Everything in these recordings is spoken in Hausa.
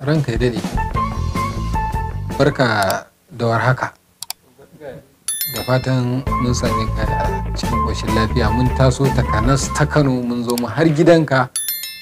Ranka ya dade. Barka da warhaka. Da fatan mun sami ka cikin ƙoshin lafiya mun taso takanas ta Kano mun zo mu har gidanka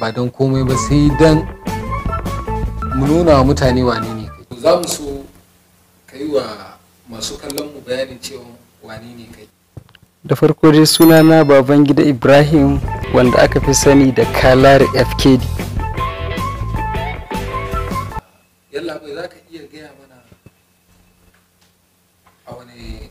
ba don komai ba sai don mu nuna wa mutane wane ne kai. Za mu so ka yi wa masu kallon bayanin cewa wane ne kai. Da farko dai sunana Babangida Ibrahim wanda aka fi sani da Kalar FKD. yalla bai za ka iya gaya mana a wani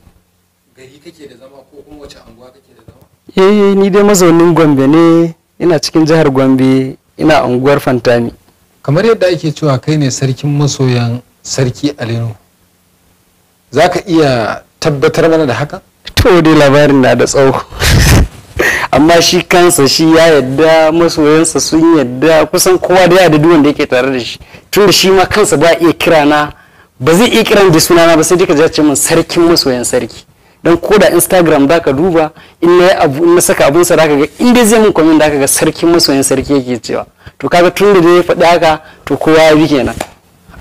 gari kake da zama ko kuma wace anguwa kake da zama eh ni dai mazaunin gombe ne ina cikin jihar gombe ina unguwar fantami kamar yadda ake cewa kai ne sarkin masoyan sarki alinu za ka iya tabbatar mana da haka to dai labarin na da tsawo amma shi kansa shi ya yadda masoyansa sun yadda kusan kowa da ya da duwanda yake tare da shi tun da shi ma kansa ba iya kira na ba zai iya kiran da na ba sai dai jace min sarkin masoyan sarki don ko da instagram da ka duba in na abu in na saka abun da ka ga in dai zai min comment da ka ga sarkin masoyan sarki yake cewa to kaga tun da ya faɗi haka to kowa ya bi kenan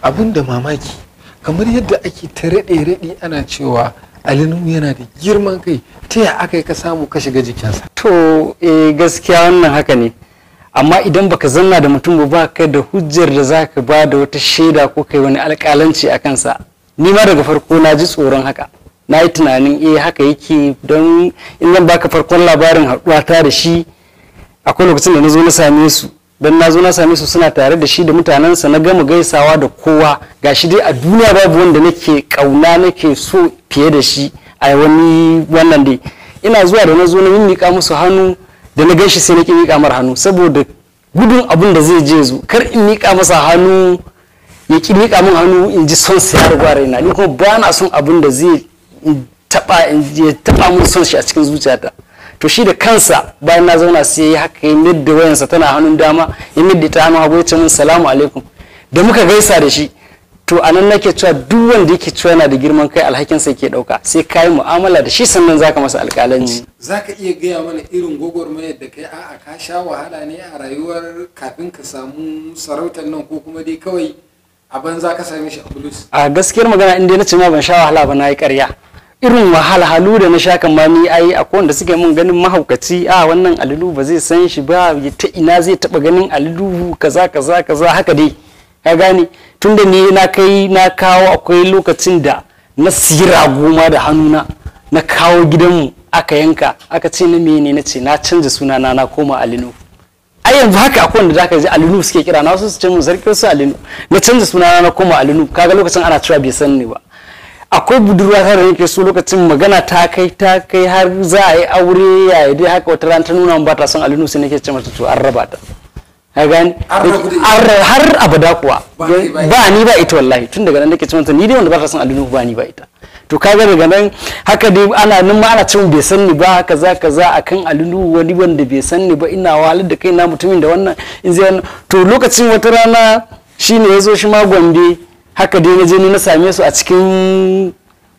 abun da mamaki kamar yadda ake ta raɗe raɗe ana cewa alinu yana da girman kai ta ya aka yi ka samu ka shiga jikinsa to eh gaskiya wannan haka ne amma idan baka zanna da mutum ba ka da hujjar da za ka ba da wata shaida ko kai wani alƙalanci a kansa ni ma daga farko na ji tsoron haka na yi tunanin eh haka yake don in zan baka farkon labarin haɗuwa ta da shi akwai lokacin da na zo na same su don na zo na same su suna tare da shi da mutanensa na gama gaisawa da kowa ga shi dai a duniya babu wanda nake kauna nake so fiye da shi a wani wannan dai ina zuwa da na zo na mika musu hannu da na gaishe sai na ƙi miƙa mar hannu saboda gudun abin da zai je zu kar in miƙa masa hannu ya ƙi miƙa min hannu in ji son siya da gwara na ni kuma ba na son abin da zai taɓa in taɓa min son shi a cikin zuciyata to shi da kansa bayan na zauna sai ya haka ya midda wayansa tana hannun dama ya midda ta hannun hagu ya ce min salamu alaikum da muka gaisa da shi to anan nake cewa duk wanda yake cewa yana da girman kai alhakinsa yake dauka sai ka yi mu'amala da shi sannan zaka masa alƙalanci mm. zaka iya gaya mana irin gwagwarmayar da kai a'a ka sha wahala ne a rayuwar kafin ka samu sarautar nan ko kuma dai kawai a banza ka same shi a bulus a gaskiyar magana in dai na ce ma ban sha wahala ba na yi ƙarya irin wahalhalu da na sha kamani ai akwai wanda suke mun ganin mahaukaci a wannan alilu ba zai san shi ba ta ina zai taba ganin alilu kaza kaza kaza haka dai ka gane tunda ni na kai na kawo akwai lokacin da na siyi goma da hannuna na kawo gidanmu aka yanka aka ce na mene na ce na canza suna na koma alinu ai yanzu haka akwai wanda zaka ji alinu suke kira na wasu su ce mun sarki wasu alinu na canza suna na na koma alinu kaga lokacin ana cewa bai san ni ba akwai budurwa ta da nake so lokacin magana ta kai ta kai har za a yi aure ya dai haka wata rana ta nuna ba ta son alinu sai nake ce mata to an raba ta ka gani har abada kuwa ba ni ba ita wallahi tun daga nan nake ce mata ni dai wanda ba ta son alinu ba ni ba ita to ka ga daga nan haka dai ana nan ma ana cin bai san ni ba kaza kaza akan alinu wani wanda bai san ni ba ina walar da kaina mutumin da wannan in zai to lokacin wata rana shine ya zo shi ma gombe haka dai na je ni na same su a cikin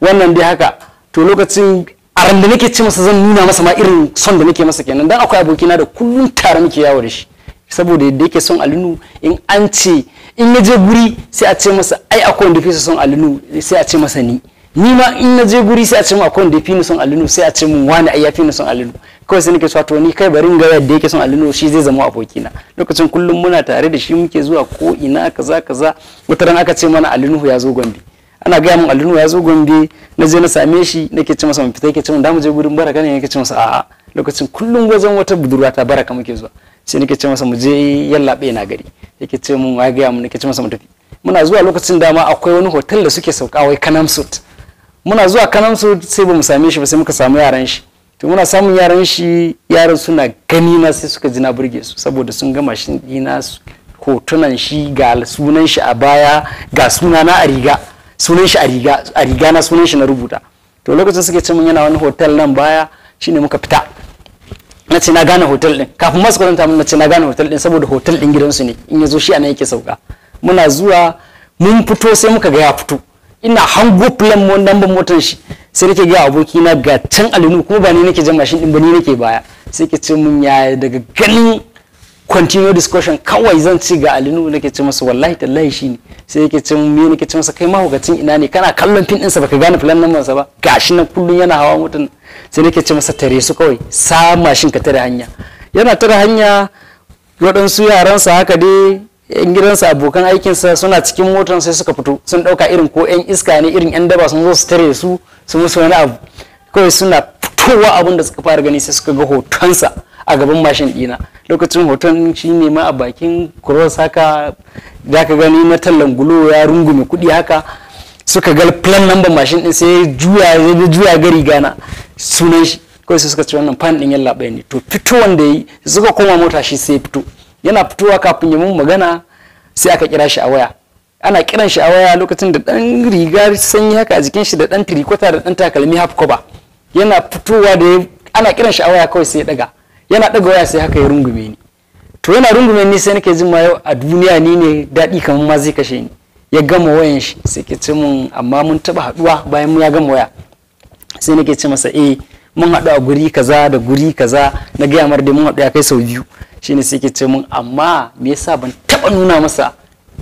wannan dai haka to lokacin aran da nake ce masa zan nuna masa ma irin son da nake masa kenan dan akwai aboki na da kullum tare muke yawo da shi saboda yadda yake son alinu in an ce in ya je guri sai a ce masa ai akwai wanda fi son alinu sai a ce masa ni ni ma in na je guri sai a ce mu akwai wanda ya fi ni son alinu sai a ce mu wani ai ya fi ni son alinu kawai sai nake cewa to ni kai bari in ga yadda yake son alinu shi zai zama abokina lokacin kullum muna tare da shi muke zuwa ko ina kaza kaza wata ran aka ce mana alinu ya zo gombe ana gaya min alinu ya zo gombe na je na same shi nake ce masa mu fita yake ce mun da mu je gurin baraka ne yake ce masa a'a lokacin kullum wajen wata budurwa ta baraka muke zuwa sai nake ce masa mu je yallaɓe na gari yake ce mun ya gaya mu nake ce masa mu tafi muna zuwa lokacin dama akwai wani hotel da suke sauka wai kanamsut muna zuwa kanan su sai ba mu same shi ba sai muka samu yaran shi to muna samun yaran shi yaran suna gani na sai suka ji na burge su saboda sun gama shi dina hotunan shi ga sunan shi a baya ga suna na a riga sunan shi a riga a riga na sunan shi na rubuta to lokacin suke ce mun yana wani hotel nan baya shine muka fita na ce na gane hotel din kafin masu kwatanta mun na ce na gane hotel din saboda hotel din gidansu ne in ya zo shi anan yake sauka muna zuwa mun fito sai muka ga ya fito ina hango plan mo ban motar shi sai nake ga aboki na ga can alinu kuma ba ni nake jan mashin din ba ni nake baya sai ke ce mun ya daga ganin continue discussion kawai zan ci ga alinu nake ce masa wallahi tallahi shine sai yake ce me nake ce masa kai ma hukacin ina ne kana kallon fim fin ɗinsa baka gane filan nan ba gashi na kullun yana hawa mutun sai nake ce masa tare su kawai sa mashin ka tare hanya yana tare hanya yaran sa haka dai yan gidansa abokan aikinsa suna cikin motar sai suka fito sun dauka irin ko yan iska ne irin yan daba sun zo su tare su su musu wani abu kawai suna fitowa abin da suka fara gani sai suka ga hotonsa a gaban mashin dina lokacin hoton shi ma a bakin cross haka da ka gani na tallan gulo ya rungume kudi haka suka ga plan number mashin din sai juya ya juya gari gana sunan shi kawai sai suka ci wannan fan din yalla ne to fito wanda yi suka koma mota shi sai fito yana fitowa kafin ya mun magana sai aka kira shi a waya ana kiran shi a waya lokacin da dan riga sanyi haka a jikin shi da dan tirikota da dan takalmi half cover yana fitowa da ana kiran shi a waya kawai sai ya daga yana daga waya sai haka ya rungume ni to yana rungume ni sai nake jin ma yau a duniya ni ne daɗi kamar ma zai kashe ni ya gama wayan shi sai ke ce mun amma mun taba haduwa bayan mu ya gama waya sai nake ce masa eh mun haɗu a guri kaza da guri kaza na gaya mar da mun haɗu ya kai sau biyu shine sai ke ce mun amma me yasa ban taba nuna masa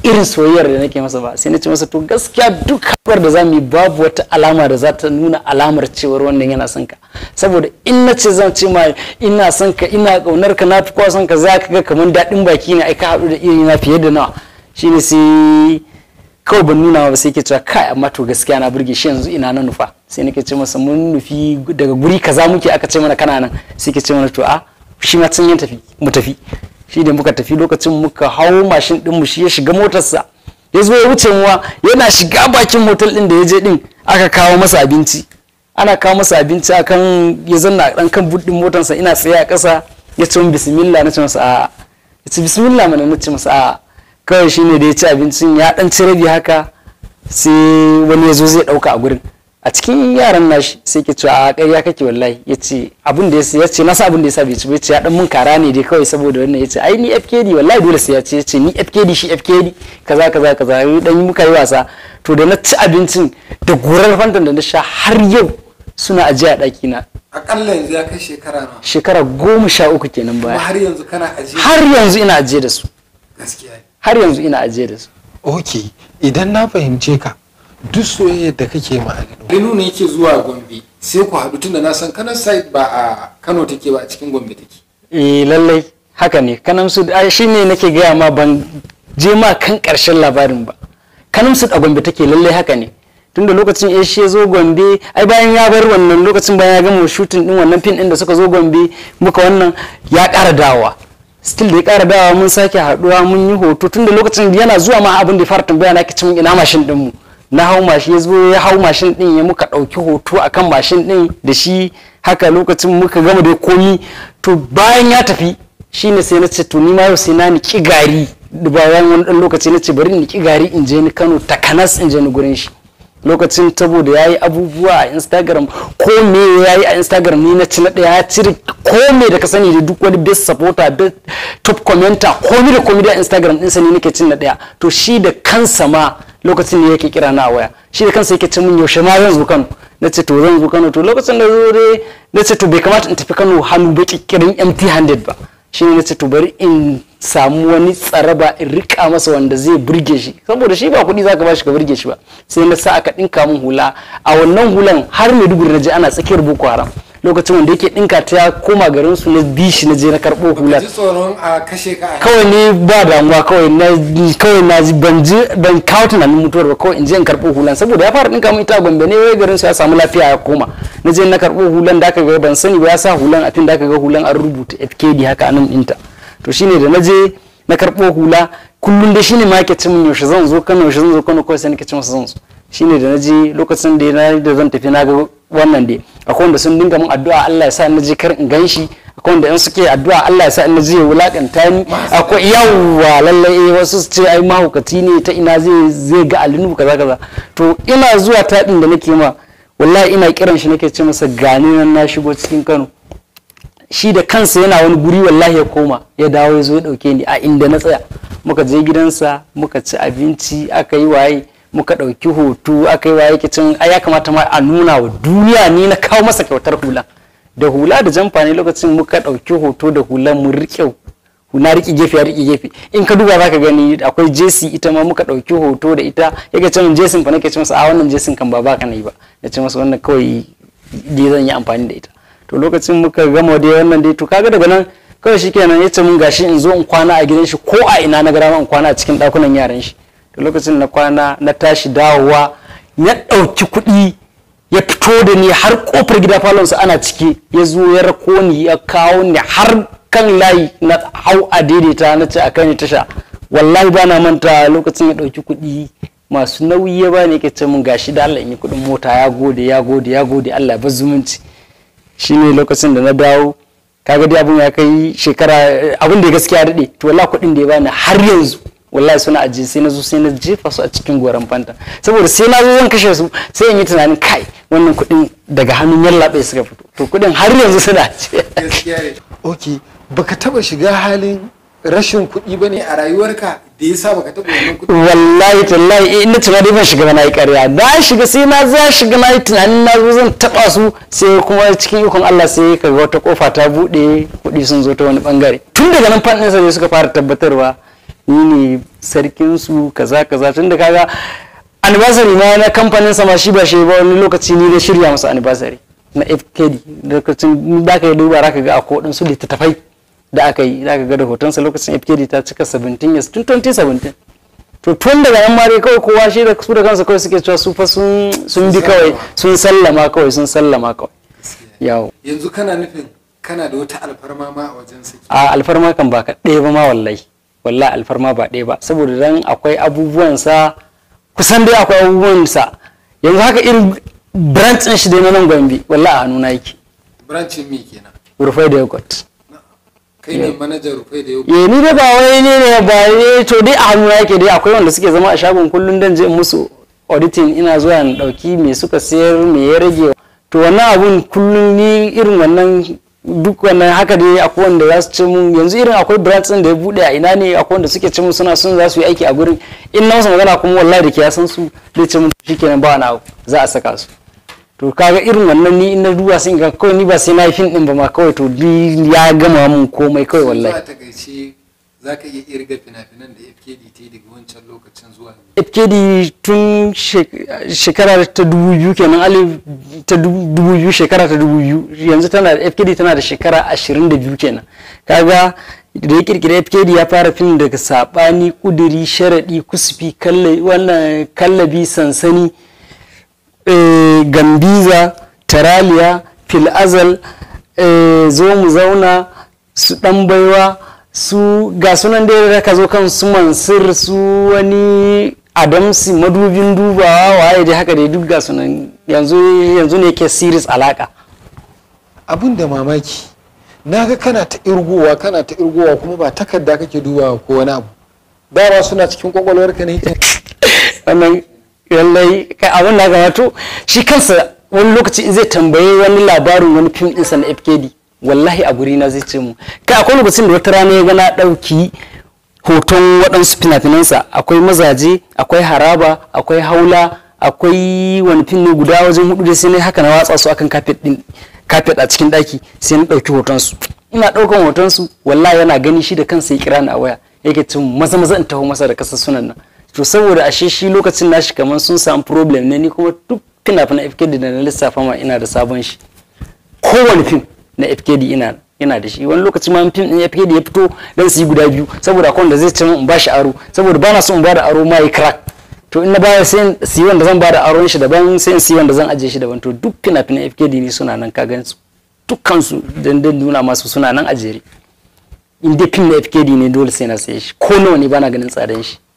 irin soyayyar da nake masa ba sai na ce masa to gaskiya duk haɓar da za mu yi babu wata alama da za ta nuna alamar cewar wannan yana son ka saboda in na ce zan ce ma ina son ka ina kaunar ka na fi kowa son ka za ka ga kamar daɗin baki ne ai ka haɗu da iri na fiye da nawa shine sai kawai ban nuna ba sai ke cewa kai amma to gaskiya na burge shi yanzu ina na nufa sai nake ce masa mun nufi daga guri kaza muke aka ce mana kana nan sai ke ce mana to a shi ma sun tafi mu tafi shi ne muka tafi lokacin muka hau mashin din mu shi ya shiga motarsa ya zo ya wuce muwa yana shiga bakin hotel din da ya je din aka kawo masa abinci ana kawo masa abinci akan ya zanna dan kan buɗin motarsa ina tsaye a ƙasa ya ce bismillah na ce masa a ya ce bismillah mana na ce masa a kawai shine da ya ci abincin ya dan ci rabi haka sai wani ya zo zai ɗauka a gurin a cikin yaran nashi sai ke cewa a ƙarya kake wallahi ya ce abin da ya ce nasa abin da ya sa bai ci bai ce ya dan mun kara ne dai kawai saboda wannan ya ce ai ni FKD wallahi dole sai ya ce ya ce ni FKD shi FKD kaza kaza kaza dan yi muka yi wasa to da na ci abincin da gurar fantan da na sha har yau suna ajiya a ɗaki na akalla yanzu ya kai shekara nawa shekara goma sha uku kenan baya har yanzu kana ajiye har yanzu ina ajiye da su gaskiya har yanzu ina ajiye da su okay idan na fahimce ka duk soyayyar da kake ma gido. Nuhu ne yake zuwa Gombe sai ku haɗu tunda na san Kano side ba a Kano take ba a cikin Gombe take eh lallai haka ne Kanan su shine nake gaya ma ban je ma kan ƙarshen labarin ba Kanan su a Gombe take lallai haka ne tunda lokacin eh, ya shi zo gombe ai bayan ya bar wannan lokacin bayan ya gama shooting din wannan fin din da suka zo gombe muka wannan ya ƙara dawa still da ya ƙara dawa mun sake haɗuwa mun yi hoto tunda lokacin yana zuwa ma abin da ya fara tambaya na kicin ina mashin din mu na hau mashin ya zo ya hau mashin din ya muka ɗauki hoto akan mashin din da shi haka lokacin muka gama da komi to bayan ya tafi shine sai na ce to ni ma yau sai na niki gari bayan wani dan lokaci na ce bari niki gari in je ni Kano takanas in je ni gurin shi lokacin tabo ya yi abubuwa a instagram ko me ya a instagram ni na ci na daya ya cire ko me da ka sani da duk wani best supporter best top commenter komi da komi da instagram din sani nake cin na ɗaya to shi da kansa ma lokacin ne yake kira na waya shi da kansa yake ce min yaushe ma zan zo Kano na ce to zan zo Kano to lokacin da zo dai na ce to bai kamata in tafi Kano hannu ba kirin empty handed ba shi ne na ce to bari in samu wani tsaraba in rika masa wanda zai burge shi saboda shi ba kuɗi zaka bashi ka burge shi ba sai na sa aka dinka min hula a wannan hulan har Maiduguri na je ana tsakiyar Boko Haram lokacin wanda yake dinka ta ya koma garin su na bi na je na karbo hular kawai ne ba damuwa kawai na kawai na ji ban ji ban kawo mutuwar ba kawai in je in karbo hulan saboda ya fara dinka mun ita gombe ne wai garin su ya samu lafiya ya koma na je na karbo hulan da aka ga ban sani ba ya sa hulan a fin da aka ga hulan an rubuta FKD haka anan dinta to shine da na je na karbo hula kullum da shine ma mun yaushe zan zo Kano yaushe zan zo Kano kawai sai nake cin wasu zan zo shine da na je lokacin da na da zan tafi na ga wannan dai akwai wanda sun dinga min addu'a Allah ya sa na je kar in ganshi akwai wanda in suke addu'a Allah ya sa in je wulakanta ni akwai yawwa lallai eh, wasu su ce ai mahaukaci ne ta ina zai zai ga alinu kaza kaza to ina zuwa taɗin da nake ma wallahi ina kiran shi nake ce masa gane nan na shigo cikin Kano shi da kansa yana wani guri wallahi ya koma ya dawo ya zo ya dauke ni a inda na tsaya muka je gidansa muka ci abinci aka yi waye muka ɗauki hoto aka yi wa yake cin ya kamata ma a nuna wa duniya ni na kawo masa kyautar hula da hula da jamfa ne lokacin muka ɗauki hoto da hula mu riƙe na riƙe gefe ya riƙe gefe in ka duba zaka gani akwai jesi ita ma muka ɗauki hoto da ita yake ce min jesin fa nake ce masa a wannan jesin kan ba baka nayi ba na ce masa wannan kawai dai zan yi amfani da ita to lokacin muka gama da wannan dai to kaga daga nan kawai shikenan ce mun gashi in zo in kwana a gidan shi ko a ina na gara in kwana a cikin ɗakunan yaran shi lokacin na kwana na tashi dawowa ya ɗauki kuɗi ya fito da ni har ƙofar gida falonsa ana ciki ya zo ya rako ni ya kawo ni har kan layi na hau a daidaita na ce a kan tasha wallahi ba na manta lokacin ya ɗauki kuɗi masu nauyi ya bani yake ce mun gashi da Allah in yi kuɗin mota ya gode ya gode ya gode Allah ba zumunci shine lokacin da na dawo kaga dai abin ya kai shekara abin da gaskiya daɗe to wallahi kuɗin da ya bani har yanzu wallahi suna ajiye sai na zo sai na jefa su a cikin goran fanta saboda sai na zo zan kashe su sai in yi tunanin kai wannan kuɗin daga hannun yallaɓe suka fito to kuɗin har yanzu suna ajiye ok baka taba shiga halin rashin kuɗi ba ne a rayuwarka da ya sa baka taɓa wannan kuɗi wallahi tallahi eh, in na tunani ban shiga na yi ƙarya na shiga sai na za shiga na yi tunanin na zo zan taɓa su sai kuma cikin ikon Allah sai ka wata kofa ta buɗe kuɗi sun zo ta wani ɓangare tun daga nan faɗin sa ne suka fara tabbatarwa ni ne sarkin su kaza kaza tun da kaga anniversary ma na kamfanin sama shi ba shi ba wani lokaci ne na shirya masa anniversary na FKD lokacin da ka yi duba za ka ga kodin su littattafai da aka yi za ka ga da hotonsa lokacin FKD ta cika 17 years tun 2017 to tun daga yan mare kawai kowa shi da su da kansa kawai suke cewa su fa sun bi kawai sun sallama kawai sun sallama kawai yawo yanzu kana nufin kana da wata alfarma ma a wajen saki a alfarma kan baka ɗaya ba ma wallahi walla alfarma ba ɗaya ba saboda dan akwai abubuwansa kusan dai akwai abubuwansa yanzu haka irin branch ɗin shi dai na nan gombe walla a hannuna yake branch mi kenan rufai da yogurt kai ne manajan rufai da yogurt eh ni da ba wai ne ne ba ne to dai a hannuna yake dai akwai wanda suke zama a shagon kullun dan je musu auditing ina zuwa na dauki me suka sayar me ya rage to wannan abun kullun ni irin wannan duk wannan haka dai akwai wanda za su ci mu yanzu irin akwai brands din da ya bude a ina ne akwai wanda suke ci mu suna sun za su yi aiki a gurin in na wasu magana kuma wallahi da ke ya san su zai ci mu shikenan ba na za a saka su to kaga irin wannan ni in na duba sun ga kawai ni ba sai na yi fin din ba ma kawai to ya gama mun komai kawai wallahi za ka iya irga fina-finan da fkd ta yi daga wancan lokacin zuwa fkd tun shekara ta dubu biyu kenan alif ta dubu biyu shekara ta dubu biyu yanzu tana da fkd tana da shekara ashirin da biyu kenan kaga da ya kirkira fkd ya fara fin daga sabani kuduri sharaɗi kusufi wannan kallabi sansani eh, gambiza taraliya fil'azal eh, zo mu zauna su ɗan baiwa su ga sunan da ya ka zo kan su mansur su wani adamsi madubin dubawa waye dai haka dai duk ga sunan yanzu yanzu ne ke siris alaka abun da mamaki na ga kana ta irgowa kana ta irgowa kuma ba takarda kake dubawa ko wani abu dama suna cikin kwakwalwar ka ne wannan lallai kai abin da ga wato shi kansa wani lokaci zai tambaye wani labarin wani fim ɗinsa na fkd wallahi a guri na zai ce mu kai akwai lokacin da wata rana ya gana ɗauki hoton waɗansu fina-finansa akwai mazaje akwai haraba akwai haula akwai wani finne guda wajen hudu da sai na haka na watsa su akan kafet a cikin daki sai na ɗauki hotonsu ina ɗaukan hotonsu wallahi yana gani shi da kansa ya kira ni a waya yake cin maza maza in taho masa da kasa sunan nan to saboda ashe shi lokacin nashi kamar sun samu problem ne ni kuma duk fina-finan fkd da na lissafa ma ina da sabon shi kowane fim na FKD ina ina da shi wani lokaci ma fim din FKD ya fito dan su yi guda biyu saboda kon da zai ci in ba shi aro saboda bana son in ba da aro mai crack to in na baya sai su yi wanda zan ba da aron shi daban sai si wanda zan aje shi daban to duk fina-finan FKD ne suna nan ka gansu dukkan su dandan nuna masu suna nan a jere in dai fim na FKD ne dole sai na sai shi ko nawa ne bana ganin tsadan shi